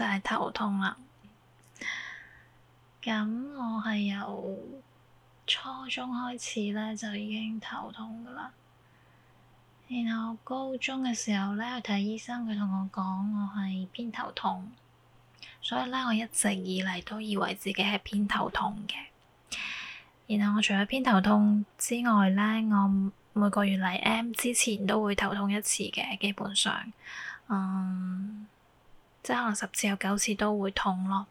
就係頭痛啦。咁我係由初中開始咧，就已經頭痛噶啦。然後高中嘅時候咧，去睇醫生，佢同我講我係偏頭痛，所以咧我一直以嚟都以為自己係偏頭痛嘅。然後我除咗偏頭痛之外咧，我每個月嚟 M 之前都會頭痛一次嘅，基本上，嗯。即係可能十次有九次都會痛咯，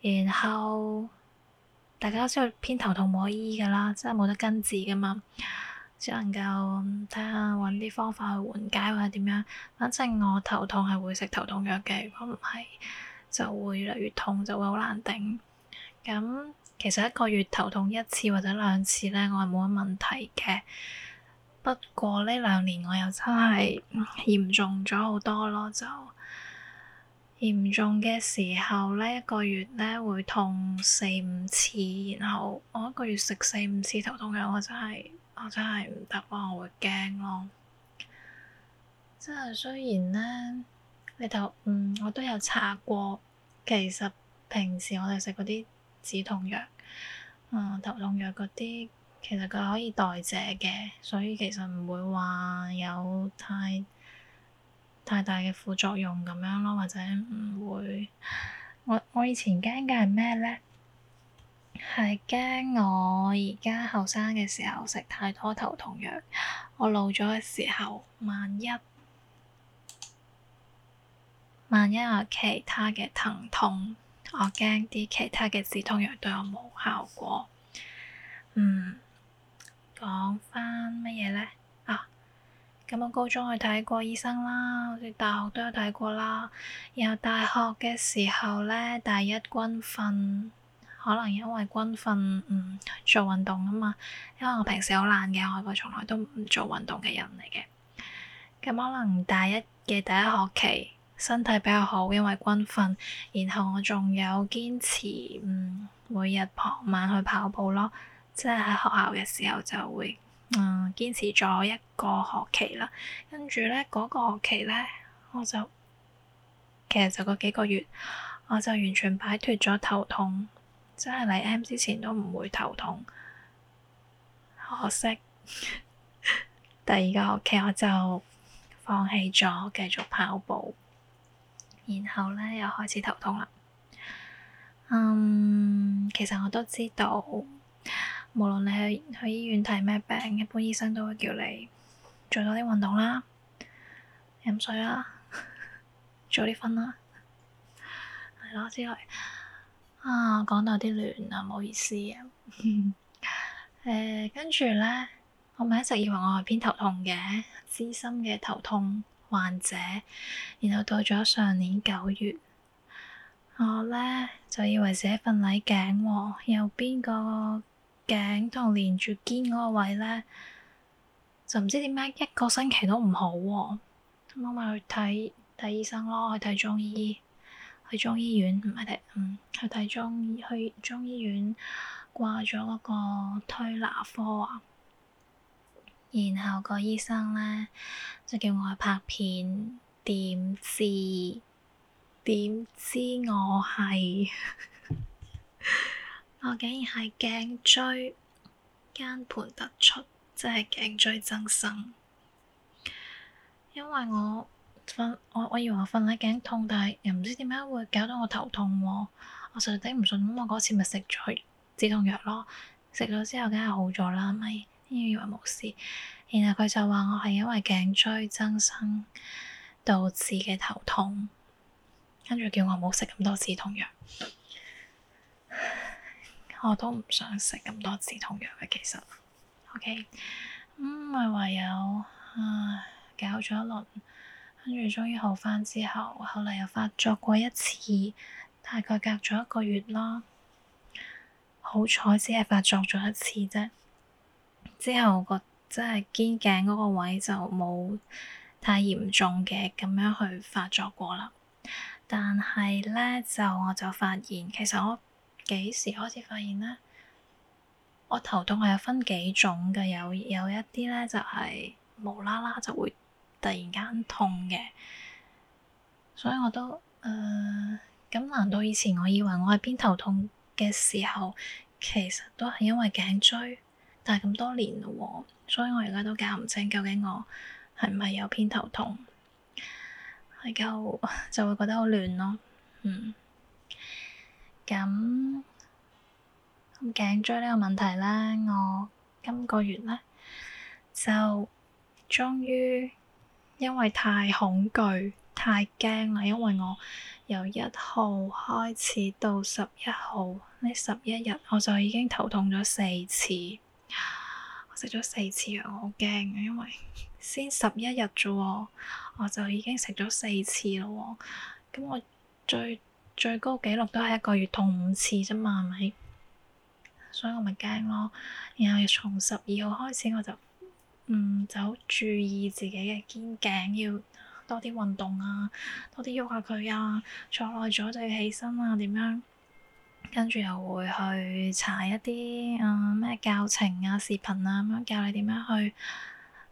然後大家都知道偏頭痛冇得醫㗎啦，即係冇得根治㗎嘛，只能夠睇下搵啲方法去緩解或者點樣。反正我頭痛係會食頭痛藥嘅，如果唔係就會越嚟越痛，就會好難頂。咁其實一個月頭痛一次或者兩次咧，我係冇乜問題嘅。不過呢兩年我又真係嚴重咗好多咯，就～嚴重嘅時候咧，一個月咧會痛四五次，然後我一個月食四五次頭痛藥，我真係我真係唔得咯，我會驚咯。即係雖然咧，你頭嗯，我都有查過，其實平時我哋食嗰啲止痛藥，嗯，頭痛藥嗰啲，其實佢可以代謝嘅，所以其實唔會話有太太大嘅副作用咁樣咯，或者唔會。我我以前驚嘅係咩咧？係驚我而家後生嘅時候食太多頭痛藥，我老咗嘅時候萬一萬一有其他嘅疼痛，我驚啲其他嘅止痛藥對我冇效果。嗯，講翻乜嘢咧？啊！咁我高中去睇過醫生啦，我哋大學都有睇過啦。然後大學嘅時候咧，大一軍訓，可能因為軍訓唔做運動啊嘛，因為我平時好懶嘅，我係個從來都唔做運動嘅人嚟嘅。咁可能大一嘅第一學期身體比較好，因為軍訓，然後我仲有堅持嗯每日傍晚去跑步咯，即係喺學校嘅時候就會。嗯，堅持咗一個學期啦，跟住咧嗰個學期咧，我就其實就嗰幾個月，我就完全擺脫咗頭痛，即係嚟 M 之前都唔會頭痛。可惜。 第二個學期我就放棄咗繼續跑步，然後咧又開始頭痛啦。嗯，其實我都知道。無論你去去醫院睇咩病，一般醫生都會叫你做多啲運動啦、飲水啦、 早啲瞓分啦，係 咯之類啊。講到有啲亂啊，唔好意思啊。誒、 呃，跟住咧，我咪一直以為我係偏頭痛嘅資深嘅頭痛患者，然後到咗上年九月，我咧就以為自己瞓禮頸喎又邊個。頸同連住肩嗰個位咧，就唔知點解一個星期都唔好啊，咁我咪去睇睇醫生咯，去睇中醫，去中醫院唔係睇，嗯，去睇中醫去中醫院掛咗嗰個推拿科啊，然後個醫生咧就叫我去拍片，點知點知我係。 我竟然係頸椎間盤突出，即係頸椎增生。因為我瞓我我以為我瞓喺頸痛，但係又唔知點解會搞到我頭痛喎。我實在頂唔順，咁我嗰次咪食咗止痛藥咯。食咗之後，梗係好咗啦，咪因為以為冇事。然後佢就話我係因為頸椎增生導致嘅頭痛，跟住叫我唔好食咁多止痛藥。我都唔想食咁多止痛藥嘅，其實，OK，咁、嗯、咪唯有唉搞咗一輪，跟住終於好返之後，後嚟又發作過一次，大概隔咗一個月啦。好彩只係發作咗一次啫，之後、嗰個即係、即係、肩頸嗰個位就冇太嚴重嘅咁樣去發作過啦。但係咧，就我就發現其實我。幾時開始發現咧？我頭痛係有分幾種嘅，有有一啲咧就係、是、無啦啦就會突然間痛嘅，所以我都誒，咁、呃、難道以前我以為我係偏頭痛嘅時候，其實都係因為頸椎，但係咁多年嘞喎，所以我而家都搞唔清究竟我係唔係有偏頭痛，係就就會覺得好亂咯，嗯。咁咁頸椎呢個問題呢，我今個月呢，就終於因為太恐懼、太驚啦，因為我由一號開始到十一號呢十一日，我就已經頭痛咗四次，我食咗四次藥，我好驚呀，因為先十一日啫喎，我就已經食咗四次咯喎，咁我最最高記錄都係一個月痛五次啫嘛，係咪？所以我咪驚咯。然後從十二號開始我就，嗯就好注意自己嘅肩頸，要多啲運動啊，多啲喐下佢啊，坐耐咗就要起身啊，點樣。跟住又會去查一啲啊咩教程啊、視頻啊咁樣教你點樣去。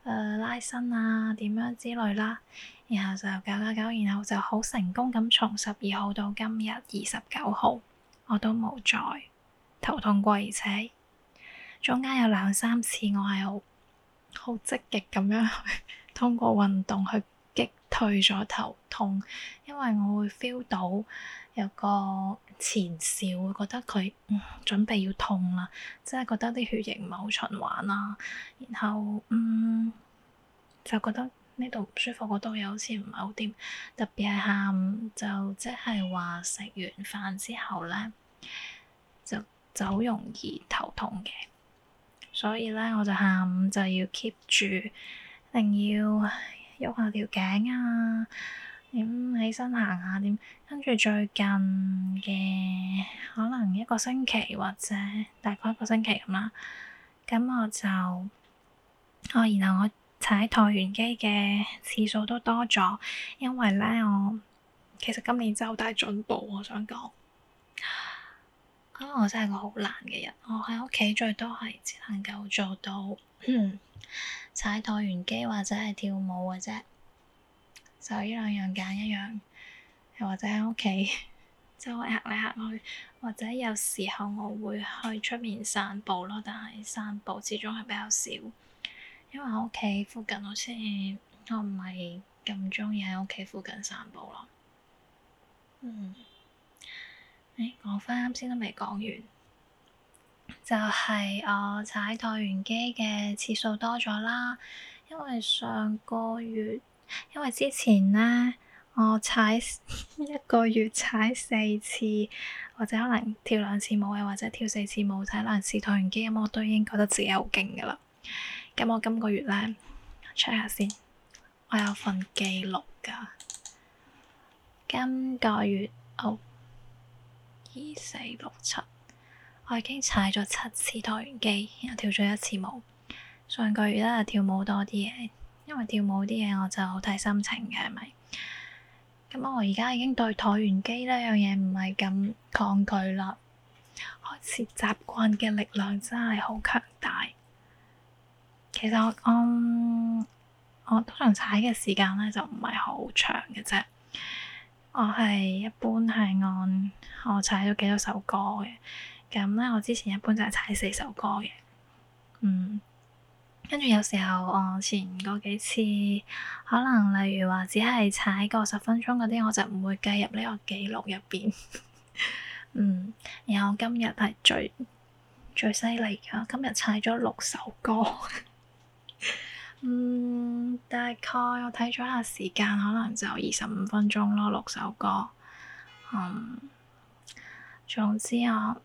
Uh, 拉伸啊，點樣之類啦，然後就搞搞搞，然後就好成功咁，從十二號到今日二十九號，我都冇再頭痛過，而且中間有兩三次我係好好積極咁樣 通過運動去退咗頭痛，因為我會 feel 到有個前兆，會覺得佢、嗯、準備要痛啦，即係覺得啲血液唔係好循環啦，然後嗯就覺得呢度唔舒服，嗰度又好似唔係好掂，特別係下午就即係話食完飯之後咧就就好容易頭痛嘅，所以咧我就下午就要 keep 住，一定要。喐下條頸啊，點起身行下點，跟住最近嘅可能一個星期或者大概一個星期咁啦，咁我就哦，然後我踩橢圓機嘅次數都多咗，因為咧我其實今年真係好大進步，我想講，因、哦、我真係個好懶嘅人，我喺屋企最多係只能夠做到。嗯，踩 橢圓機或者係跳舞嘅啫，就呢兩樣揀一樣，又或者喺屋企周圍行嚟行去，或者有時候我會去出面散步咯，但係散步始終係比較少，因為喺屋企附近，好似我唔係咁鍾意喺屋企附近散步咯。嗯，誒、欸，講翻啱先都未講完。就係我踩橢圓機嘅次數多咗啦，因為上個月，因為之前呢，我踩 一個月踩四次，或者可能跳兩次舞，或者跳四次舞，踩兩次橢圓機，咁我都已經覺得自己好勁噶啦。咁我今個月呢，check 下先，我有份記錄噶，今個月我二四六七。哦 2, 4, 6, 7, 我已經踩咗七次橢圓機，又跳咗一次舞。上個月咧跳舞多啲嘢，因為跳舞啲嘢我就好睇心情嘅，係咪？咁我而家已經對橢圓機呢樣嘢唔係咁抗拒啦，開始習慣嘅力量真係好強大。其實我，嗯，um，我通常踩嘅時間咧就唔係好長嘅啫。我係一般係按我踩咗幾多首歌嘅。咁咧，我之前一般就係踩四首歌嘅，嗯，跟住有時候我前嗰幾次，可能例如話只係踩個十分鐘嗰啲，我就唔會計入呢個記錄入邊。嗯，然後今日係最最犀利㗎，今日踩咗六首歌。 嗯，大概我睇咗下時間，可能就二十五分鐘咯，六首歌。嗯，總之我。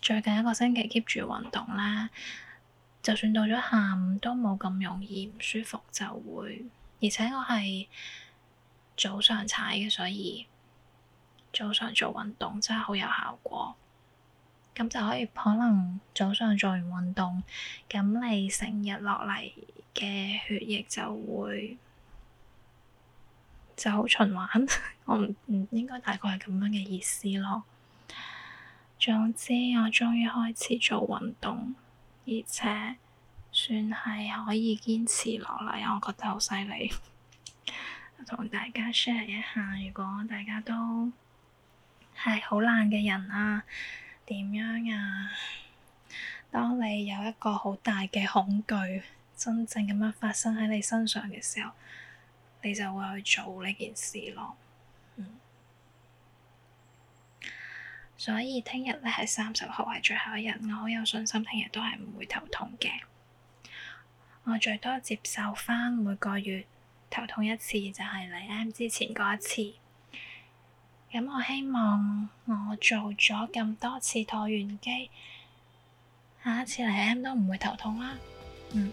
最近一個星期 keep 住運動啦，就算到咗下午都冇咁容易唔舒服，就會。而且我係早上踩嘅，所以早上做運動真係好有效果。咁就可以可能早上做完運動，咁你成日落嚟嘅血液就會就好循環。 我唔唔應該，大概係咁樣嘅意思咯。總之，我終於開始做運動，而且算係可以堅持落嚟，我覺得好犀利。同 大家 share 一下，如果大家都係好懶嘅人啊，點樣啊？當你有一個好大嘅恐懼，真正咁樣發生喺你身上嘅時候，你就會去做呢件事咯。所以聽日咧係三十號，係最後一日，我好有信心聽日都係唔會頭痛嘅。我最多接受返每個月頭痛一次，就係嚟 M 之前嗰一次。咁我希望我做咗咁多次橢圓機，下一次嚟 M 都唔會頭痛啦。嗯。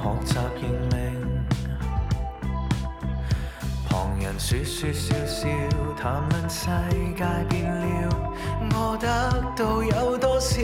學習認命，旁人說說笑笑，談論世界變了，我得到有多少？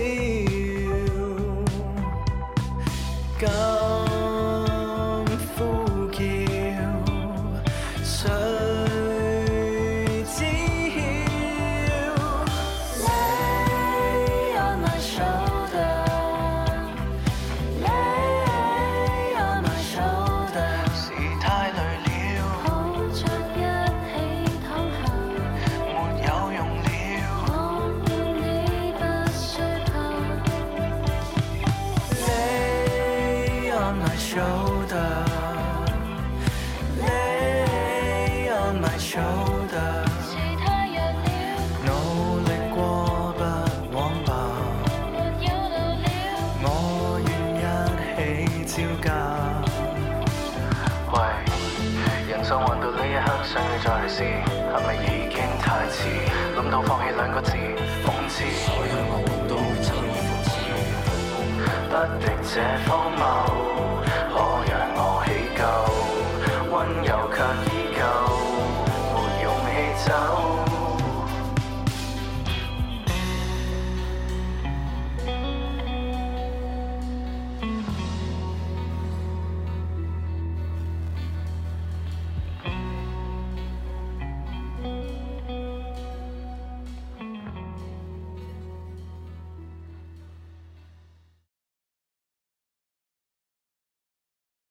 係咪已經太遲？諗到放棄兩個字，諷刺。所有我夢都會成為諷刺， 不敵這荒謬。